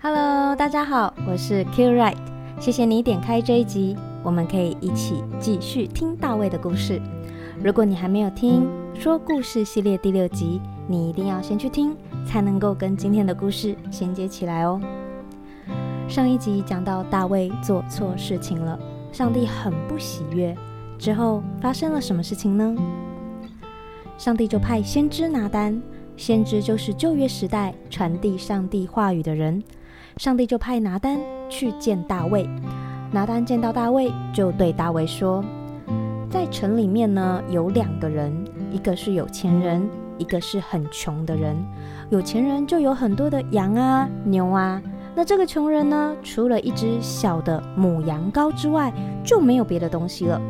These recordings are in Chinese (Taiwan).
Hello，大家好，我是 Q Right，謝謝你點開這一集，我們可以一起繼續聽大衛的故事。如果你還沒有聽說故事系列第六集，你一定要先去聽，才能夠跟今天的故事銜接起來哦。上一集講到大衛做錯事情了，上帝很不喜悅，之後發生了什麼事情呢？上帝就派先知拿單，先知就是舊約時代傳遞上帝話語的人。上帝就派拿單去見大衛。拿單見到大衛，就對大衛說：“在城裡面呢，有兩個人，一個是有錢人，一個是很窮的人。有錢人就有很多的羊啊、牛啊。那這個窮人呢，除了一隻小的母羊羔之外，就沒有別的東西了。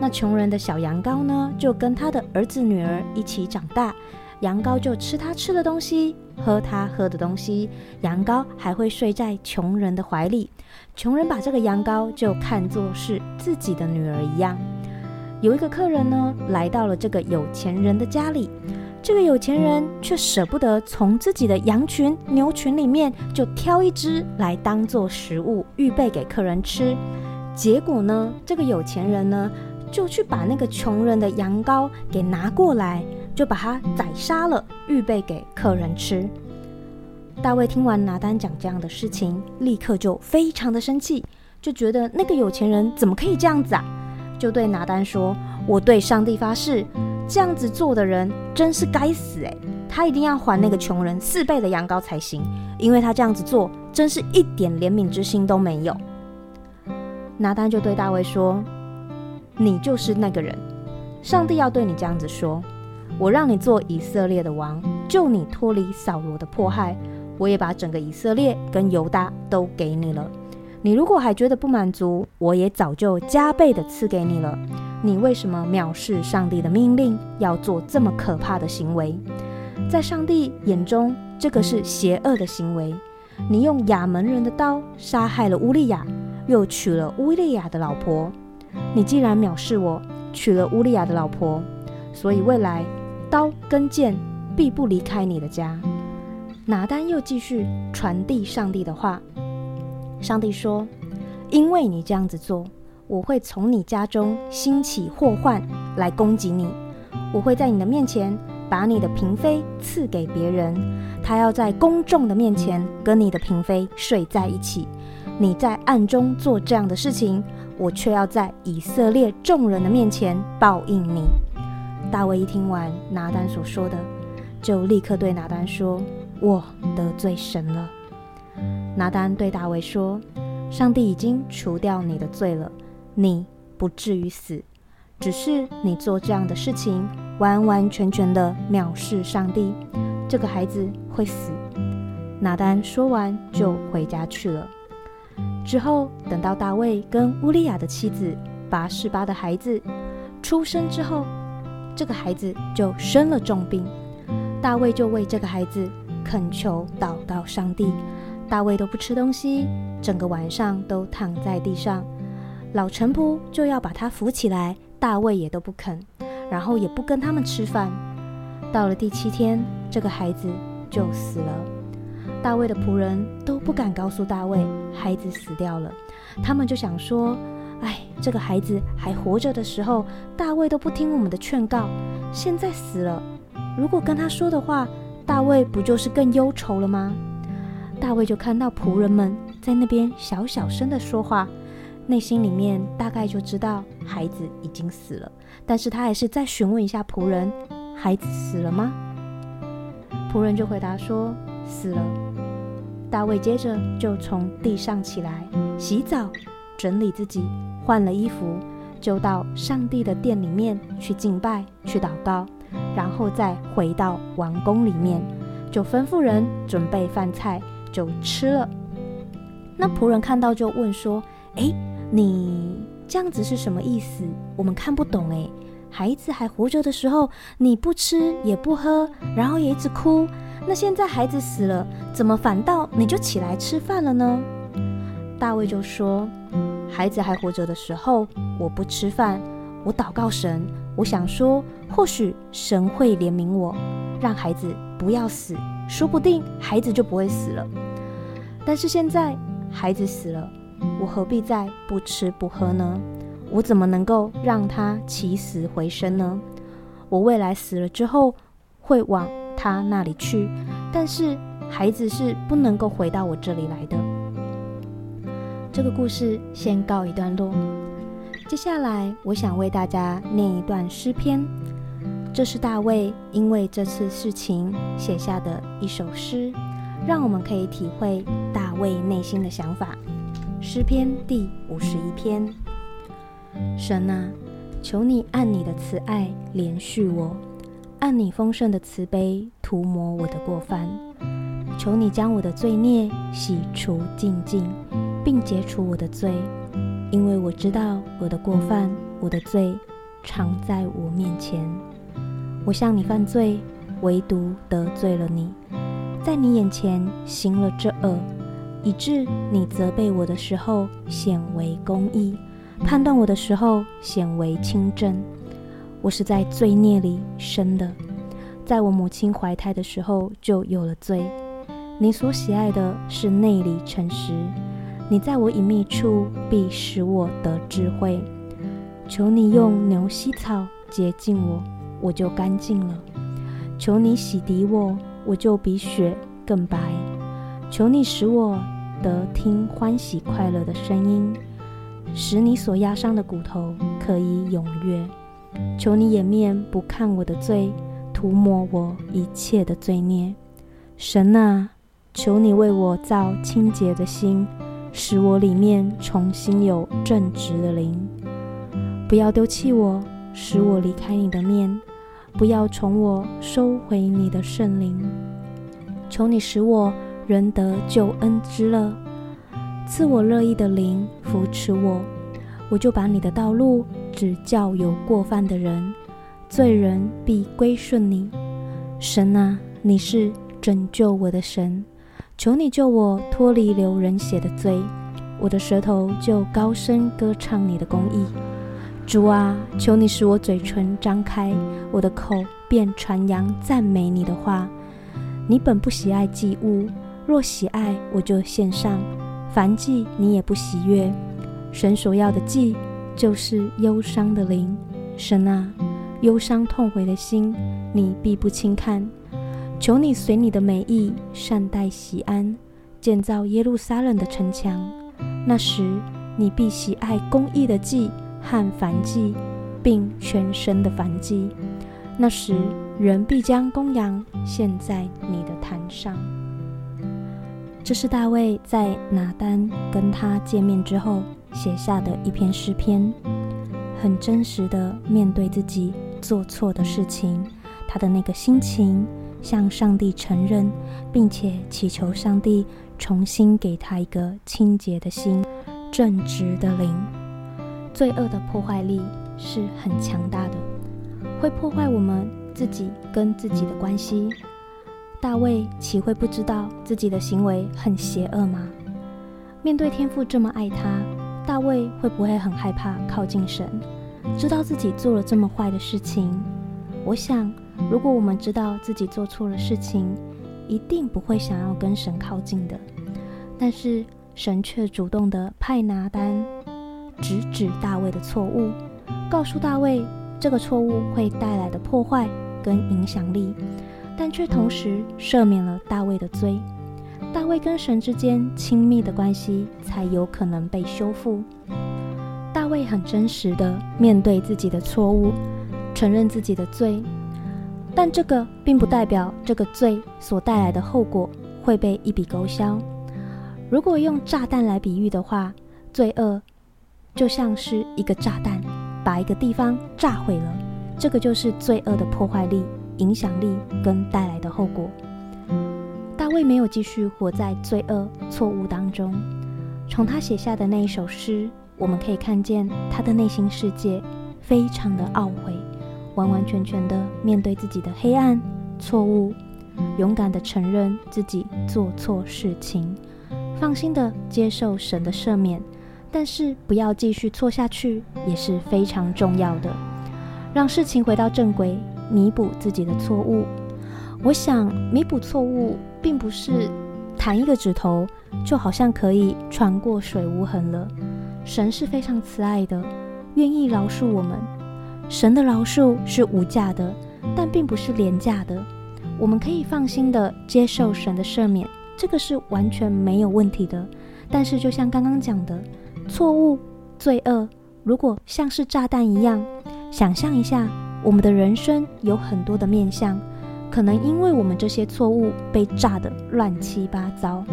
那窮人的小羊羔呢，就跟他的兒子、女兒一起長大，羊羔就吃他吃的東西。”喝他喝的東西，羊羔還會睡在窮人的懷裡，窮人把這個羊羔就看作是自己的女兒一樣。有一個客人呢，來到了這個有錢人的家裡，這個有錢人卻舍不得從自己的羊群、牛群裡面就挑一只來當做食物，預備給客人吃。結果呢，這個有錢人呢，就去把那個窮人的羊羔給拿過來。就把他宰殺了，預備給客人吃。大衛聽完拿單講這樣的事情，立刻就非常的生氣，就覺得那個有錢人怎麼可以這樣子啊？就對拿單說：“我對上帝發誓，這樣子做的人真是該死欸！他一定要還那個窮人四倍的羊羔才行，因為他這樣子做真是一點憐憫之心都沒有。”拿單就對大衛說：“你就是那個人，上帝要對你這樣子說。”我讓你做以色列的王，救你脫離掃羅的迫害。我也把整個以色列跟猶大都給你了。你如果還覺得不滿足，我也早就加倍的賜給你了。你為什麼藐視上帝的命令，要做這麼可怕的行為？在上帝眼中，這個是邪惡的行為。你用亞捫人的刀殺害了烏利亞，又娶了烏利亞的老婆。你既然藐視我，娶了烏利亞的老婆，所以未來，刀跟劍必不離開你的家。拿單又繼續傳遞上帝的話。上帝說：“因為你這樣子做，我會從你家中興起禍患來攻擊你。我會在你的面前把你的嬪妃賜給別人，他要在公眾的面前跟你的嬪妃睡在一起。你在暗中做這樣的事情，我卻要在以色列眾人的面前報應你。”大衛一聽完拿單所說的，就立刻對拿單說：“我得罪神了。”拿單對大衛說：“上帝已經除掉你的罪了，你不至於死，只是你做這樣的事情，完完全全的藐視上帝，這個孩子會死。”拿單說完就回家去了。之後，等到大衛跟烏利亞的妻子拔示巴的孩子出生之後。這個孩子就生了重病，大衛就為這個孩子懇求禱告上帝。大衛都不吃東西，整個晚上都躺在地上。老臣僕就要把他扶起來，大衛也都不肯，然後也不跟他們吃飯。到了第七天，這個孩子就死了。大衛的僕人都不敢告訴大衛孩子死掉了，他們就想說。哎，這個孩子還活着的時候，大衛都不聽我們的勸告。現在死了，如果跟他說的話，大衛不就是更憂愁了嗎？大衛就看到僕人們在那邊小小聲的說話，內心裡面大概就知道孩子已經死了。但是他還是再詢問一下僕人：“孩子死了嗎？”僕人就回答說：“死了。”大衛接着就從地上起來洗澡。整理自己，換了衣服，就到上帝的殿裡面去敬拜、去禱告，然後再回到王宮裡面，就吩咐人準備飯菜，就吃了。那僕人看到就問說：“哎，你這樣子是什麼意思？我們看不懂哎。孩子還活着的時候，你不吃也不喝，然後也一直哭。那現在孩子死了，怎麼反倒你就起來吃飯了呢？”大衛就說：“孩子還活着的時候，我不吃飯，我禱告神，我想說，或許神會憐憫我，讓孩子不要死，說不定孩子就不會死了。但是現在孩子死了，我何必再不吃不喝呢？我怎麼能夠讓他起死回生呢？我未來死了之後會往他那裡去，但是孩子是不能夠回到我這裡來的。”這個故事先告一段落。接下來，我想為大家念一段詩篇，這是大衛因為這次事情寫下的一首詩，讓我們可以體會大衛內心的想法。詩篇第五十一篇：神啊，求你按你的慈愛憐恤我，按你豐盛的慈悲塗抹我的過犯。求你將我的罪孽洗除淨淨。並解除我的罪，因為我知道我的過犯，我的罪常在我面前。我向你犯罪，唯獨得罪了你，在你眼前行了這惡，以致你責備我的時候顯為公義，判斷我的時候顯為清正。我是在罪孽裡生的，在我母親懷胎的時候就有了罪。你所喜愛的是內裡誠實。你在我隱密處必使我得智慧。求你用牛膝草潔淨我，我就乾淨了。求你洗滌我，我就比雪更白。求你使我得聽歡喜快樂的聲音，使你所壓傷的骨頭可以踴躍。求你掩面不看我的罪，塗抹我一切的罪孽。神啊，求你為我造清潔的心。使我裡面重新有正直的靈，不要丟棄我，使我離開你的面，不要從我收回你的聖靈。求你使我仍得救恩之樂，賜我樂意的靈扶持我。我就把你的道路指教有過犯的人，罪人必歸順你。神啊，你是拯救我的神。求你救我脫離流人血的罪，我的舌頭就高聲歌唱你的公義。主啊，求你使我嘴唇張開，我的口便傳揚讚美你的話。你本不喜愛祭物，若喜愛，我就獻上；燔祭你也不喜悅。神所要的祭，就是憂傷的靈。神啊，憂傷痛悔的心，你必不輕看。求你隨你的美意善待錫安，建造耶路撒冷的城牆。那時你必喜愛公義的祭和燔祭，並全牲的燔祭。那時人必將公羊獻在你的壇上。這是大衛在拿單跟他見面之後寫下的一篇詩篇，很真實的面對自己做錯的事情，他的那個心情。向上帝承認，並且祈求上帝重新給他一個清潔的心、正直的靈。罪惡的破壞力是很強大的，會破壞我們自己跟自己的關係。大衛豈會不知道自己的行為很邪惡嗎？面對天父這麼愛他，大衛會不會很害怕靠近神，知道自己做了這麼壞的事情？我想。如果我們知道自己做錯了事情，一定不會想要跟神靠近的。但是神卻主動的派拿單，直指大衛的錯誤，告訴大衛這個錯誤會帶來的破壞跟影響力，但卻同時赦免了大衛的罪。大衛跟神之間親密的關係才有可能被修復。大衛很真實的面對自己的錯誤，承認自己的罪。但這個並不代表這個罪所帶來的後果會被一筆勾銷。如果用炸彈來比喻的話，罪惡就像是一個炸彈，把一個地方炸毀了。這個就是罪惡的破壞力、影響力跟帶來的後果。大衛沒有繼續活在罪惡錯誤當中。從他寫下的那一首詩，我們可以看見他的內心世界非常的懊悔。完完全全的面對自己的黑暗、錯誤，勇敢的承認自己做錯事情，放心的接受神的赦免，但是不要繼續錯下去也是非常重要的。讓事情回到正軌，彌補自己的錯誤。我想，彌補錯誤並不是彈一個指頭，就好像可以穿過水無痕了。神是非常慈愛的，願意饒恕我們。神的饒恕是無價的，但並不是廉價的。我們可以放心的接受神的赦免，這個是完全沒有問題的。但是，就像剛剛講的，錯誤、罪惡，如果像是炸彈一樣，想象一下，我們的人生有很多的面向，可能因為我們這些錯誤被炸得亂七八糟，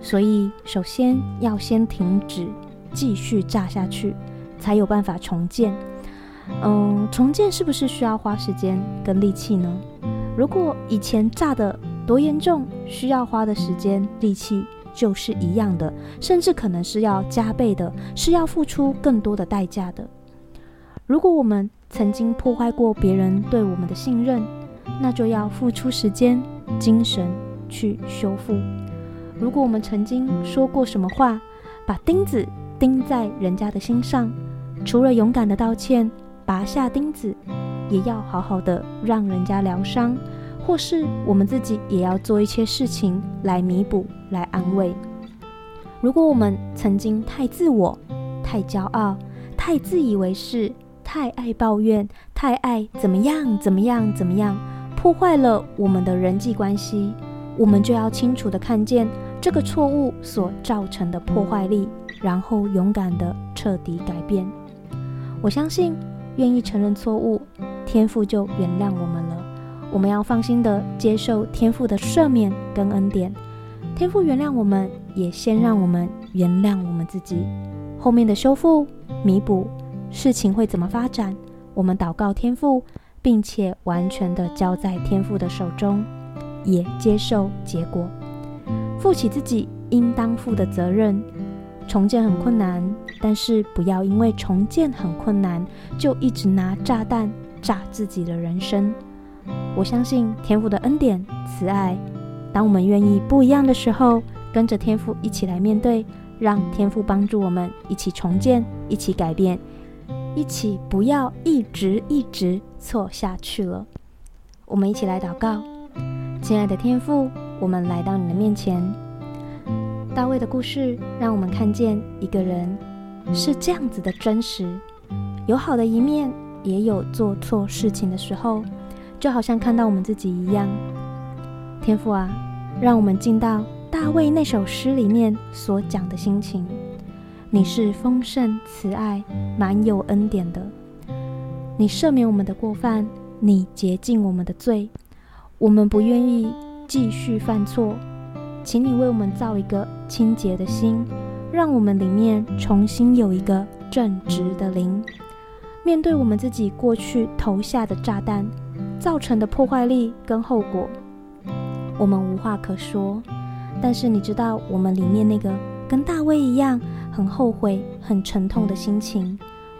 所以首先要先停止，繼續炸下去，才有辦法重建。嗯，重建是不是需要花時間跟力氣呢？如果以前炸得多嚴重，需要花的時間、力氣就是一樣的，甚至可能是要加倍的，是要付出更多的代價的。如果我們曾經破壞過別人對我們的信任，那就要付出時間、精神去修復。如果我們曾經說過什麼話，把釘子釘在人家的心上，除了勇敢的道歉。拔下釘子，也要好好的讓人家療傷，或是我們自己也要做一些事情來彌補、來安慰。如果我們曾經太自我、太驕傲、太自以為是、太愛抱怨、太愛怎麼樣、怎麼樣、怎麼樣，破壞了我們的人際關係，我們就要清楚地看見這個錯誤所造成的破壞力，然後勇敢地徹底改變。我相信。願意承認錯誤，天父就原諒我們了。我們要放心的接受天父的赦免跟恩典。天父原諒我們，也先讓我們原諒我們自己。後面的修復、彌補，事情會怎麼發展，我們禱告天父，並且完全的交在天父的手中，也接受結果，負起自己應當負的責任。重建很困難，但是不要因為重建很困難就一直拿炸彈炸自己的人生。我相信天父的恩典、慈愛。當我們願意不一樣的時候，跟着天父一起來面對，讓天父幫助我們一起重建、一起改變、一起不要一直一直錯下去了。我們一起來禱告，親愛的天父，我們來到你的面前。大衛的故事讓我們看見一個人是這樣子的真實，有好的一面，也有做錯事情的時候，就好像看到我們自己一樣。天父啊，讓我們進到大衛那首詩裡面所講的心情。你是豐盛、慈愛、滿有恩典的，你赦免我們的過犯，你潔淨我們的罪，我們不願意繼續犯錯。請你為我們造一個清潔的心，讓我們裡面重新有一個正直的靈。面對我們自己過去投下的炸彈造成的破壞力跟後果，我們無話可說。但是你知道，我們裡面那個跟大衛一樣很後悔、很沉痛的心情，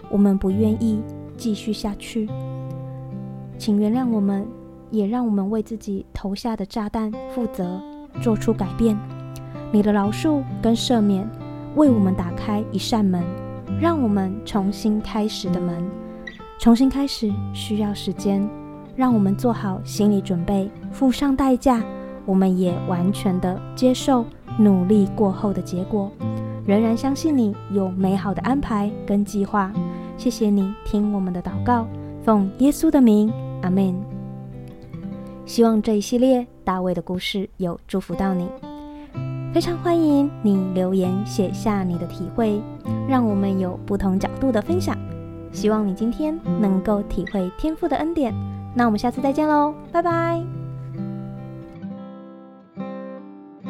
我們不願意繼續下去。請原諒我們，也讓我們為自己投下的炸彈負責。做出改變，你的饒恕跟赦免為我們打開一扇門，讓我們重新開始的門。重新開始需要時間，讓我們做好心理準備，付上代價。我們也完全的接受努力過後的結果，仍然相信你有美好的安排跟計劃。謝謝你聽我們的禱告，奉耶穌的名，阿門。希望這一系列大衛的故事有祝福到你。非常歡迎你留言寫下你的體會，讓我們有不同角度的分享。希望你今天能夠體會天父的恩典。那我們下次再見嘍，拜拜。